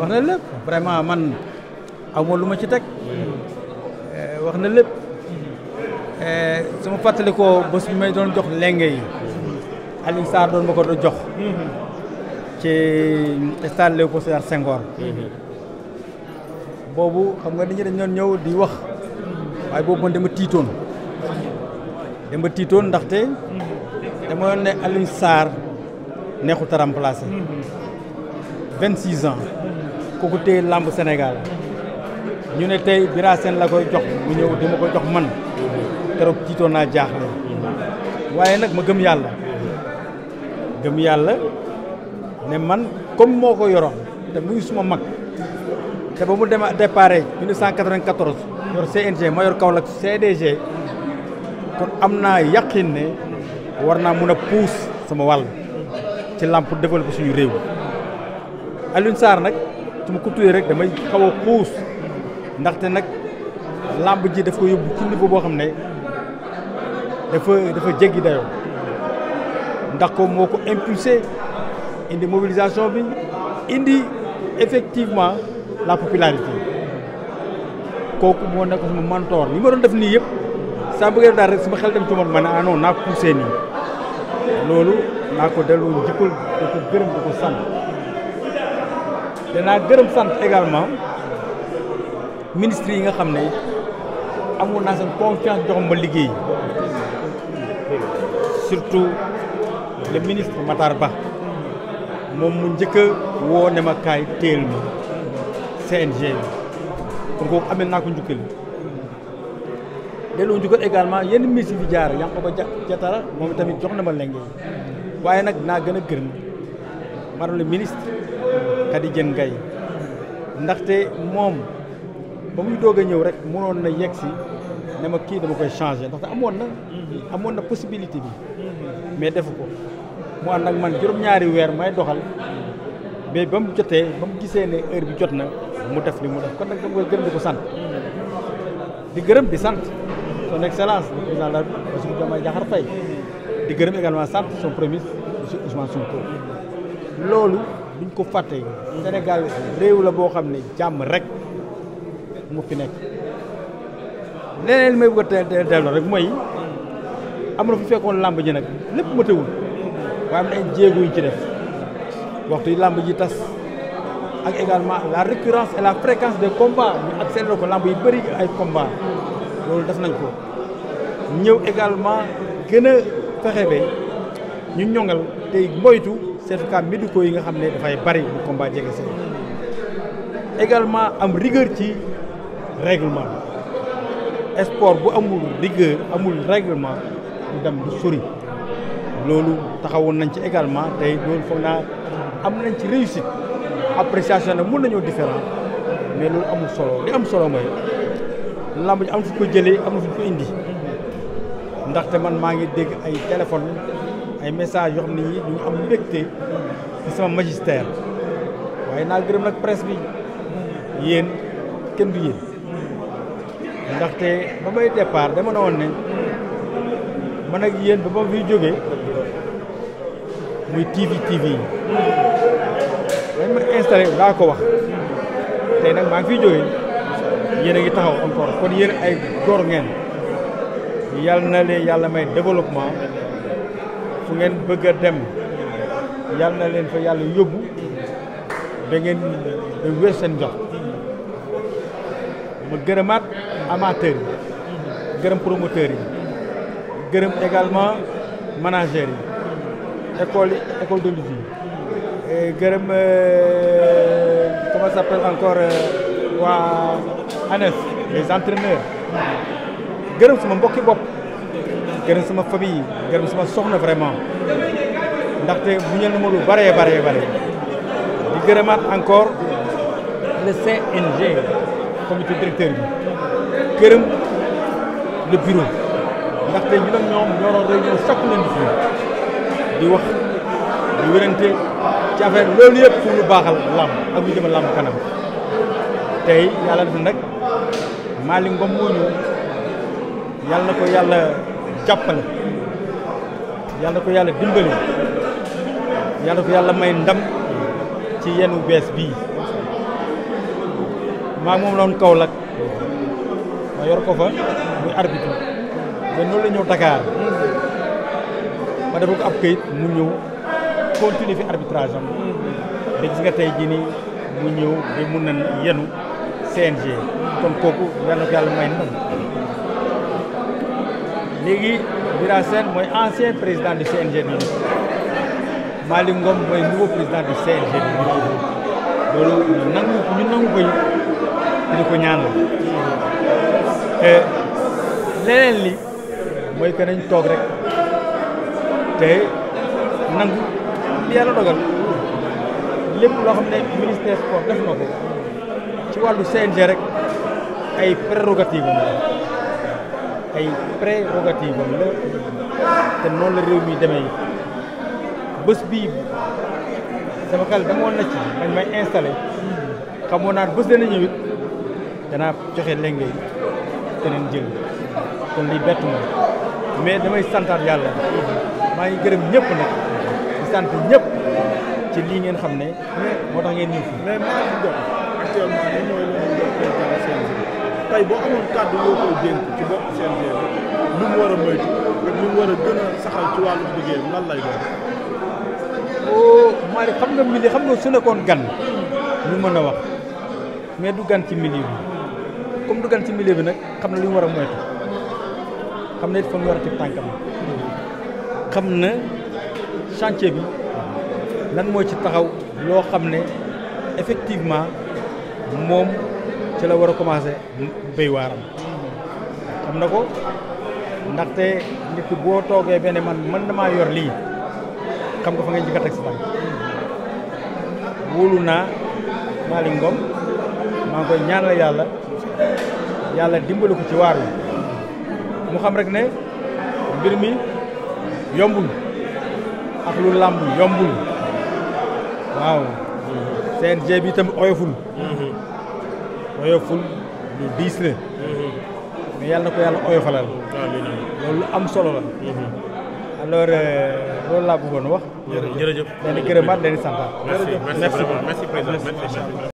wax na lépp vraiment man aw lu ma ci teg eh, wax na lépp eh, su ma fàttali ko bés bi may doon jox lenge yi Alioune Sarr doon ma ko doon jox ci stade Léopold Sédar Senghor boobu xam nga nit ñi dañ doon ñëw di wax waaye boobu man dama tiitoon dama tiitoon ndaxte dama ne Alioune Sarr neexut a 26 ans kooku téye làmb Sénégal ñu ne tey Bira la koy jox mu ñëw dama ko jox man keroog tiitoon naa jaaxle waaye nag ma gëm yàlla gëm yàlla ne man comme moo ko yoroon te muy suma mag te ba mu dem départ 1994 yor CNG ma yor Kaolack CDG kon am naa yaqin ne war naa mun a puus sama wàll ci làmp développer suñu réew Alioune Sarr nag su ma ko tuddee rek damay xaw a xuus ndaxte nag làmb ji daf yóbbu ci niveau boo xam ne dafa dafa jéggi dayoo ndax ko moo ko impulsé indi mobilisation bi indi effectivement la popularité kooku moo nekk sama mentor li ma doon def nii yëpp saa bëggee daal rek ma xel dem ci ma ne ah non naa poussé loolu naa ko delloo njukkal da ko gërëm da ko naa gërëm sant également ministre yi nga xam ne amoon naa seen confiance jox ma liggéey surtout le ministre Matar Ba moom mu njëkk a woo ne ma kaay teel ma CNG bi kon kooku amel naa ko njukkal delloo njukkal également yenn ministre jaar fi jaar Yankhoba Diattara moom tamit jox na ma lenge waaye nag naa gën a gërëm madame le ministre Khady Diène ngay ndaxte moom ba muy doog a ñëw rek mënoon na yegg si ne ma kii dama koy changé ndaxte amoon na amoon na possibilité bi mais defu ko mu ànd ak man juróom-ñaari weer may doxal mais ba mu jotee ba mu gisee ne heure bi jot na mu def li mu def kon nag dama koy gërëm di ko sant di gërëm bi sant son excellence le président de la République Bassirou Diomaye di gërëm également sant son premier monsieur Ousmane Sonko loolu duñ ko fàtte. Sénégal réew la boo xam ne jàmm rek mu fi nekk leneen li may bëgg a teel delloo rek mooy am na fu fekkoon làmb ji nag lépp ma tëwul waaye am na ay jéego yu ci def waxtu yi làmb ji tas ak également la récurrence et la fréquence des combats ak accéléré ko làmb yi bëri ay combats loolu def nañ ko ñëw également gën a fexe ba ñu ñoŋal tey moytu. certificat médicaux yi nga xam ne dafay bari bu combat jege si également am rigueur ci règlement sport bu amul rigueur amul règlement du dem du sori loolu taxawoon nañ ci également tey loolu foog naa am nañ ci réussite appréciation nag mun nañoo différent mais loolu amul solo li am solo mooy lamb ji am fu ko jëlee am na fu indi ndaxte man maa ngi dégg ay téléphone ay message yoo xam ne yi ñu am mbégte ci sama magistère waaye naa gërëm nag presse bi yéen kenn du yéen ndaxte ba may départ dama ne woon ne man ak yéen ba ma fi jóge muy TV TV yi dañ ma installé daa ko wax tey nag maa ngi fiy jóge yéen a ngi taxaw encore kon yéen ay góor ngeen yàlla na leen yàlla may développement fu ngeen bëgg a dem yal na leen fa yàlla yóbbu da ngeen da seen jox ma gërëmaat amateurs yi gërëm promoteurs yi gërëm également managers yi école école de lutte gërëm euh, comment ça encore euh, waa ANES les entraîneurs gërëm suma mbokki bopp gërëm sama famille gërëm sama soxna vraiment ndaxte bu ñël na ma lu bëree bëree bëri di gërëmaat encore le CNG comité directeur bi gërëm le bureau ndaxte ñu nag ñoom ñoo doon réunion chaque lundi di wax di wérante ci affaire loolu yëpp pour lu baaxal làmb ak lu kanam tey yàlla def nag Malick Ngom moo ñëw na ko yàlla jàppale yàlla ko yàlla dimbali yàlla ko yàlla may ndam ci yenu bees bii maa moom loon Kaolack ma yor ko fa muy arbitre mais noonu la ñëw Dakar ma defal ko ab kayit mu ñëw continuer fi arbitrage am da tey jii nii mu ñëw ba mun na yenu CNG kon kooku yàlla yàlla may ndam léegi Bira Sène mooy ancien président du CNG du lutte Malick mooy nouveau président du CNG du lutte loolu ñu nangu ñu nangu koy di ko ñaanal leneen li mooy que nañ toog rek te nangu li yàlla dogal lépp loo xam ne ministère sport def na ko ci wàllu CNG rek ay prérogative ay prérogative am la te noonu la réew mi demee bés bii sama xel demoon na ci dañ may installé xamoon naat bës dana ñëw danaa joxe lengay keneen jël kon lii bett ma mais damay santaat yàlla maa ngi gërëm ñëpp nag di sant ñëpp ci lii ngeen xam ne moo tax ngeen ñëw fi mais maa ngi jot actuellement ni mooy loolu tey boo amoon kàddu yoo koy dénk ci bopp fay ci wàllu liggéeyam lay doon. oo oh, xam nga mili xam nga mën a wax mais du gan ci du gan ci bi nag xam na li war a moytu xam na na chantier bi lan mooy ci taxaw loo xam ne effectivement moom ci la war a commencé béy waaram xam na ko. ndaxte nit ki boo toogee benn man mën damaa yor lii xam nga fa ngay njëkk a teg naa Malick maa ngi koy ñaanal yàlla yàlla dimbali ko ci waar wi mu xam rek ne mbir mi yombul ak lu làmb yombul waaw CNG bi itam oyoful mm-hmm. oyoful lu diis mais yàlla na ko yàlla oyofalal. loolu am solo la. Mhm. alors euh, loolu laa bëggoon wax. jërëjëf jërëjëf dañuy gërëmaat dañuy santaat. merci